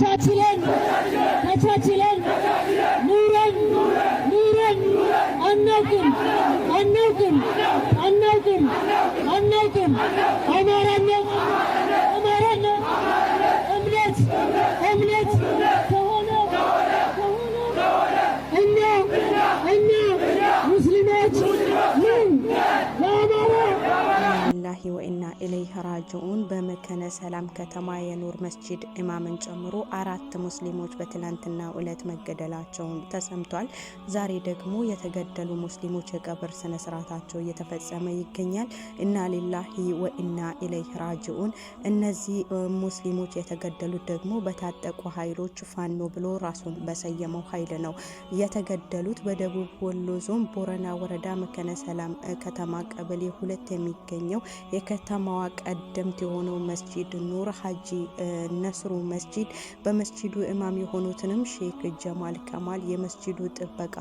Kaçaçiler, kaçaçiler, Nuran, Nuran, anladım, anladım, anladım, anladım, Ömer anladım, Ömer anladım, Ömret, Ömret, Kahana, Kahana, Enna, Enna, Müslümet, Nun, Yamara. İllahi ve inna ኢለይህ ራጅዑን በመከነ ሰላም ከተማ የኑር መስጂድ ኢማምን ጨምሮ አራት ሙስሊሞች በትላንትናው ዕለት መገደላቸውን ተሰምቷል። ዛሬ ደግሞ የተገደሉ ሙስሊሞች የቀብር ስነ ስርዓታቸው እየተፈጸመ ይገኛል። ኢና ሊላሂ ወኢና ኢለይህ ራጅዑን። እነዚህ ሙስሊሞች የተገደሉት ደግሞ በታጠቁ ኃይሎች ፋኖ ብሎ ራሱን በሰየመው ኃይል ነው የተገደሉት በደቡብ ወሎ ዞን ቦረና ወረዳ መከነ ሰላም ከተማ ቀበሌ ሁለት የሚገኘው የከተማ ከተማዋ ቀደምት የሆነው መስጂድ ኑር ሀጂ ነስሩ መስጂድ በመስጂዱ እማም የሆኑትንም ሼክ ጀማል ከማል የመስጂዱ ጥበቃ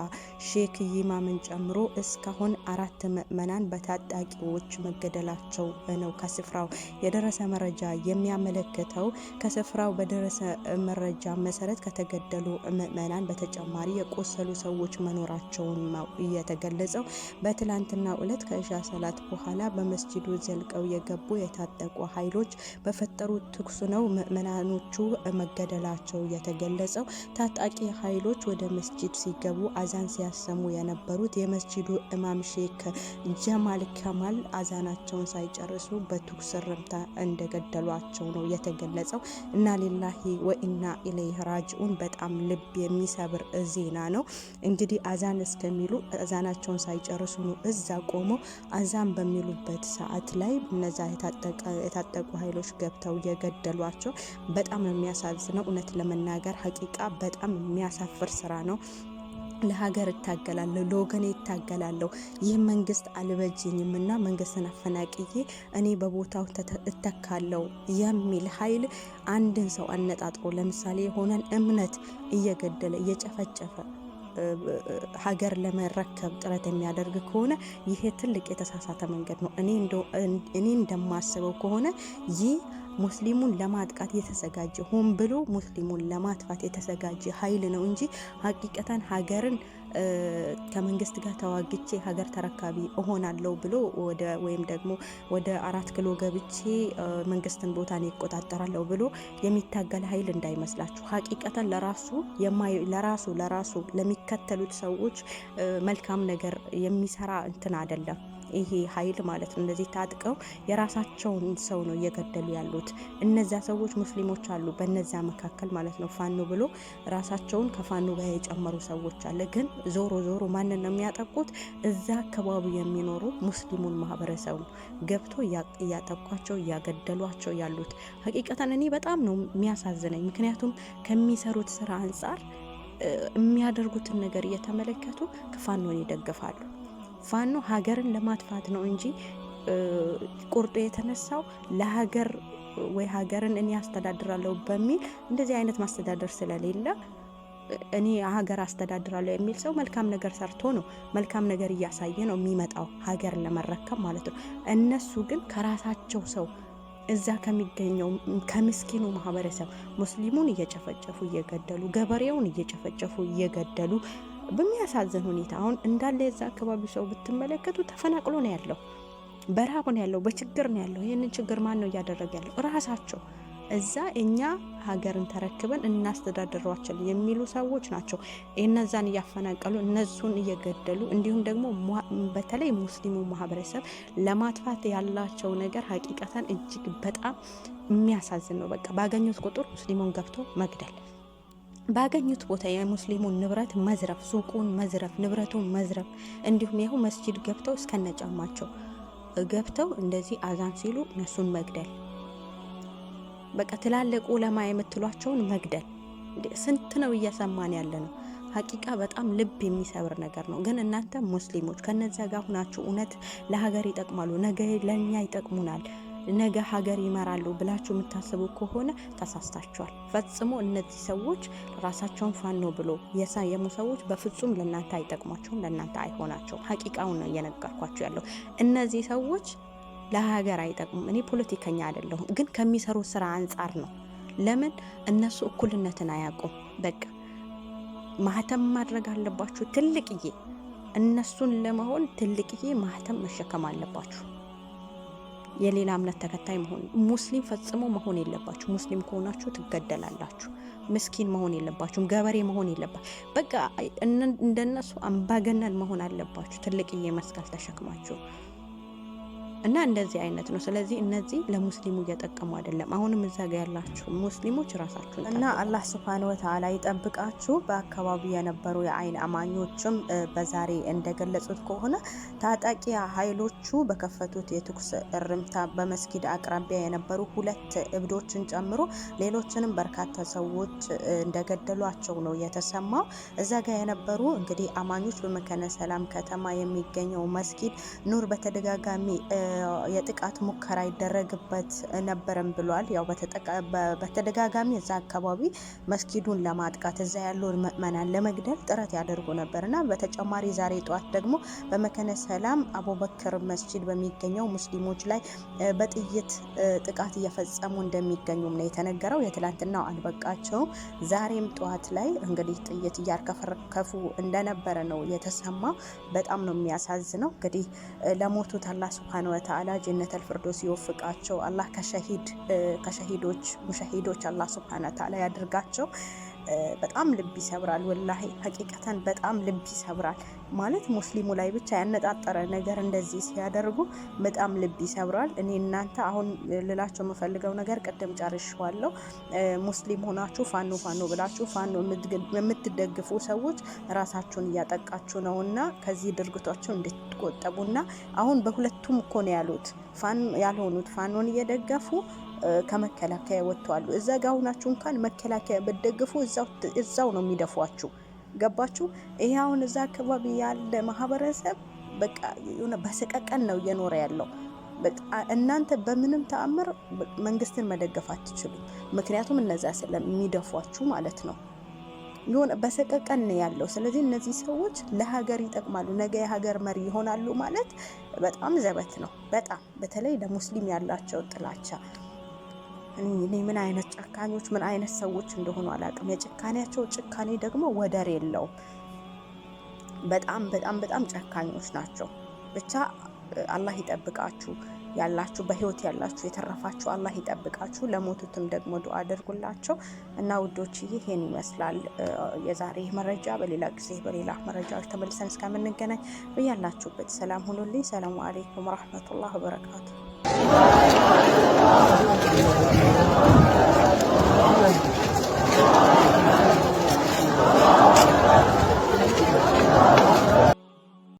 ሼክ ይማምን ጨምሮ እስካሁን አራት ምዕመናን በታጣቂዎች መገደላቸው ነው ከስፍራው የደረሰ መረጃ የሚያመለክተው። ከስፍራው በደረሰ መረጃ መሰረት ከተገደሉ ምዕመናን በተጨማሪ የቆሰሉ ሰዎች መኖራቸውን ነው የተገለጸው። በትላንትና ዕለት ከእሻ ሰላት በኋላ በመስጂዱ ዘልቀው የገ የገቡ የታጠቁ ኃይሎች በፈጠሩት ተኩስ ነው ምዕመናኖቹ መገደላቸው የተገለጸው። ታጣቂ ኃይሎች ወደ መስጂድ ሲገቡ አዛን ሲያሰሙ የነበሩት የመስጂዱ ኢማም ሼክ ጀማል ከማል አዛናቸውን ሳይጨርሱ በተኩስ እርምታ እንደገደሏቸው ነው የተገለጸው። እና ሊላሂ ወኢና ኢለይሂ ራጅኡን በጣም ልብ የሚሰብር ዜና ነው። እንግዲህ አዛን እስከሚሉ አዛናቸውን ሳይጨርሱ ነው እዛ ቆመው አዛን በሚሉበት ሰዓት ላይ እነዛ የታጠቁ ኃይሎች ገብተው የገደሏቸው በጣም ነው የሚያሳዝነው። እውነት ለመናገር ሀቂቃ በጣም የሚያሳፍር ስራ ነው። ለሀገር እታገላለሁ፣ ለወገኔ እታገላለሁ። ይህ መንግስት አልበጅኝም እና መንግስትን አፈናቅዬ እኔ በቦታው እተካለሁ የሚል ኃይል አንድን ሰው አነጣጥሮ ለምሳሌ የሆነን እምነት እየገደለ እየጨፈጨፈ ሀገር ለመረከብ ጥረት የሚያደርግ ከሆነ ይሄ ትልቅ የተሳሳተ መንገድ ነው። እኔ እንደማስበው ከሆነ ይህ ሙስሊሙን ለማጥቃት የተዘጋጀ ሆን ብሎ ሙስሊሙን ለማጥፋት የተዘጋጀ ኃይል ነው እንጂ ሀቂቀተን ሀገርን ከመንግስት ጋር ተዋግቼ ሀገር ተረካቢ እሆናለሁ ብሎ ወይም ደግሞ ወደ አራት ኪሎ ገብቼ መንግስትን ቦታን ይቆጣጠራለሁ ብሎ የሚታገል ኃይል እንዳይመስላችሁ። ሀቂቀተን ለራሱ ለራሱ ለራሱ ለሚከተሉት ሰዎች መልካም ነገር የሚሰራ እንትን አይደለም። ይሄ ኃይል ማለት ነው። እንደዚህ ታጥቀው የራሳቸውን ሰው ነው እየገደሉ ያሉት። እነዚያ ሰዎች ሙስሊሞች አሉ፣ በነዚያ መካከል ማለት ነው። ፋኖ ብሎ ራሳቸውን ከፋኖ ጋር የጨመሩ ሰዎች አለ። ግን ዞሮ ዞሮ ማንን ነው የሚያጠቁት? እዛ አካባቢ የሚኖሩ ሙስሊሙን ማህበረሰቡ ገብቶ እያጠቋቸው እያገደሏቸው ያሉት ሀቂቀተን እኔ በጣም ነው የሚያሳዝነኝ። ምክንያቱም ከሚሰሩት ስራ አንጻር የሚያደርጉትን ነገር እየተመለከቱ ከፋኖን ይደግፋሉ። ፋኖ ሀገርን ለማጥፋት ነው እንጂ ቁርጡ የተነሳው ለሀገር ወይ ሀገርን እኔ አስተዳድራለሁ በሚል እንደዚህ አይነት ማስተዳደር ስለሌለ እኔ ሀገር አስተዳድራለሁ የሚል ሰው መልካም ነገር ሰርቶ ነው መልካም ነገር እያሳየ ነው የሚመጣው ሀገር ለመረከብ ማለት ነው። እነሱ ግን ከራሳቸው ሰው እዛ ከሚገኘው ከምስኪኑ ማህበረሰብ ሙስሊሙን እየጨፈጨፉ እየገደሉ ገበሬውን እየጨፈጨፉ እየገደሉ በሚያሳዝን ሁኔታ አሁን እንዳለ የዛ አካባቢ ሰው ብትመለከቱ ተፈናቅሎ ነው ያለው፣ በረሃብ ነው ያለው፣ በችግር ነው ያለው። ይህንን ችግር ማን ነው እያደረገ ያለው? እራሳቸው እዛ እኛ ሀገርን ተረክበን እናስተዳደሯችን የሚሉ ሰዎች ናቸው። እነዛን እያፈናቀሉ እነሱን እየገደሉ እንዲሁም ደግሞ በተለይ ሙስሊሙ ማህበረሰብ ለማጥፋት ያላቸው ነገር ሀቂቀተን እጅግ በጣም የሚያሳዝን ነው። በቃ ባገኙት ቁጥር ሙስሊሙን ገብቶ መግደል ባገኙት ቦታ የሙስሊሙን ንብረት መዝረፍ፣ ሱቁን መዝረፍ፣ ንብረቱን መዝረፍ እንዲሁም ይኸው መስጂድ ገብተው እስከነጫማቸው ገብተው እንደዚህ አዛን ሲሉ እነሱን መግደል፣ በቃ ትላልቅ ለማ የምትሏቸውን መግደል። ስንት ነው እያሰማን ያለ ነው። ሀቂቃ በጣም ልብ የሚሰብር ነገር ነው። ግን እናንተ ሙስሊሞች ከነዚያ ጋር ሁናችሁ እውነት ለሀገር ይጠቅማሉ፣ ነገ ለእኛ ይጠቅሙናል ነገ ሀገር ይመራሉ ብላችሁ የምታስቡ ከሆነ ተሳስታችኋል። ፈጽሞ እነዚህ ሰዎች ራሳቸውን ፋኖ ብሎ የሰየሙ ሰዎች በፍጹም ለእናንተ አይጠቅሟቸውም፣ ለእናንተ አይሆናቸውም። ሀቂቃውን ነው እየነገርኳቸው ያለው። እነዚህ ሰዎች ለሀገር አይጠቅሙም። እኔ ፖለቲከኛ አይደለሁም፣ ግን ከሚሰሩ ስራ አንጻር ነው። ለምን እነሱ እኩልነትን አያውቁም። በቃ ማህተም ማድረግ አለባችሁ ትልቅዬ። እነሱን ለመሆን ትልቅዬ ማህተም መሸከም አለባችሁ። የሌላ እምነት ተከታይ መሆን ሙስሊም ፈጽሞ መሆን የለባችሁ። ሙስሊም ከሆናችሁ ትገደላላችሁ። ምስኪን መሆን የለባችሁም። ገበሬ መሆን የለባችሁ። በቃ እንደነሱ አምባገነን መሆን አለባችሁ። ትልቅዬ መስቀል ተሸክማችሁ እና እንደዚህ አይነት ነው። ስለዚህ እነዚህ ለሙስሊሙ እየጠቀሙ አይደለም። አሁንም እዛ ጋ ያላችሁ ሙስሊሞች ራሳችሁ እና አላህ ስብሃነ ወተዓላ ይጠብቃችሁ። በአካባቢው የነበሩ የአይን አማኞችም በዛሬ እንደገለጹት ከሆነ ታጣቂ ኃይሎቹ በከፈቱት የትኩስ እርምታ በመስጊድ አቅራቢያ የነበሩ ሁለት እብዶችን ጨምሮ ሌሎችንም በርካታ ሰዎች እንደገደሏቸው ነው የተሰማው። እዛ ጋ የነበሩ እንግዲህ አማኞች በመከነ ሰላም ከተማ የሚገኘው መስጊድ ኑር በተደጋጋሚ የጥቃት ሙከራ ይደረግበት ነበረም ብሏል። ያው በተደጋጋሚ እዛ አካባቢ መስጊዱን ለማጥቃት እዛ ያለውን ምእመናን ለመግደል ጥረት ያደርጉ ነበር እና በተጨማሪ ዛሬ ጠዋት ደግሞ በመከነ ሰላም አቡበክር መስጂድ በሚገኘው ሙስሊሞች ላይ በጥይት ጥቃት እየፈጸሙ እንደሚገኙም ነው የተነገረው። የትላንትናው አልበቃቸውም። ዛሬም ጠዋት ላይ እንግዲህ ጥይት እያርከፈከፉ እንደነበረ ነው የተሰማው። በጣም ነው የሚያሳዝነው። እንግዲህ ለሞቱት አላህ ሱብሃነ ወተዓላ ጀነተል ፊርዶስ ይወፍቃቸው። አላህ ከሸሂዶች ሙሸሂዶች አላህ ሱብሓነ ወተዓላ ያድርጋቸው። በጣም ልብ ይሰብራል። ወላሂ ሀቂቀተን በጣም ልብ ይሰብራል። ማለት ሙስሊሙ ላይ ብቻ ያነጣጠረ ነገር እንደዚህ ሲያደርጉ በጣም ልብ ይሰብራል። እኔ እናንተ አሁን ልላቸው የምፈልገው ነገር ቅድም ጨርሼዋለሁ። ሙስሊም ሆናችሁ ፋኖ ፋኖ ብላችሁ ፋኖ የምትደግፉ ሰዎች ራሳችሁን እያጠቃችሁ ነው እና ከዚህ ድርግቶቸው እንድትቆጠቡና አሁን በሁለቱም እኮ ነው ያሉት ያልሆኑት ፋኖን እየደገፉ ከመከላከያ ወጥተዋሉ። እዛ ጋ ሁናችሁ እንኳን መከላከያ ብትደግፉ እዛው ነው የሚደፏችሁ። ገባችሁ? ይሄ አሁን እዛ አካባቢ ያለ ማህበረሰብ በቃ የሆነ በሰቀቀን ነው እየኖረ ያለው። እናንተ በምንም ተአምር መንግስትን መደገፍ አትችሉም። ምክንያቱም እነዛ ስለሚደፏችሁ ማለት ነው። የሆነ በሰቀቀን ያለው። ስለዚህ እነዚህ ሰዎች ለሀገር ይጠቅማሉ፣ ነገ የሀገር መሪ ይሆናሉ ማለት በጣም ዘበት ነው። በጣም በተለይ ለሙስሊም ያላቸው ጥላቻ እኔ ምን አይነት ጨካኞች ምን አይነት ሰዎች እንደሆኑ አላውቅም። የጭካኔያቸው ጭካኔ ደግሞ ወደር የለውም። በጣም በጣም በጣም ጨካኞች ናቸው። ብቻ አላህ ይጠብቃችሁ። ያላችሁ በህይወት ያላችሁ የተረፋችሁ አላህ ይጠብቃችሁ። ለሞቱትም ደግሞ ዱዓ አድርጉላቸው እና ውዶች፣ ይህን ይመስላል የዛሬ መረጃ። በሌላ ጊዜ በሌላ መረጃዎች ተመልሰን እስከምንገናኝ በያላችሁበት ሰላም ሁኑልኝ። ሰላሙ አሌይኩም ረህመቱላህ ወበረካቱ። Thank you.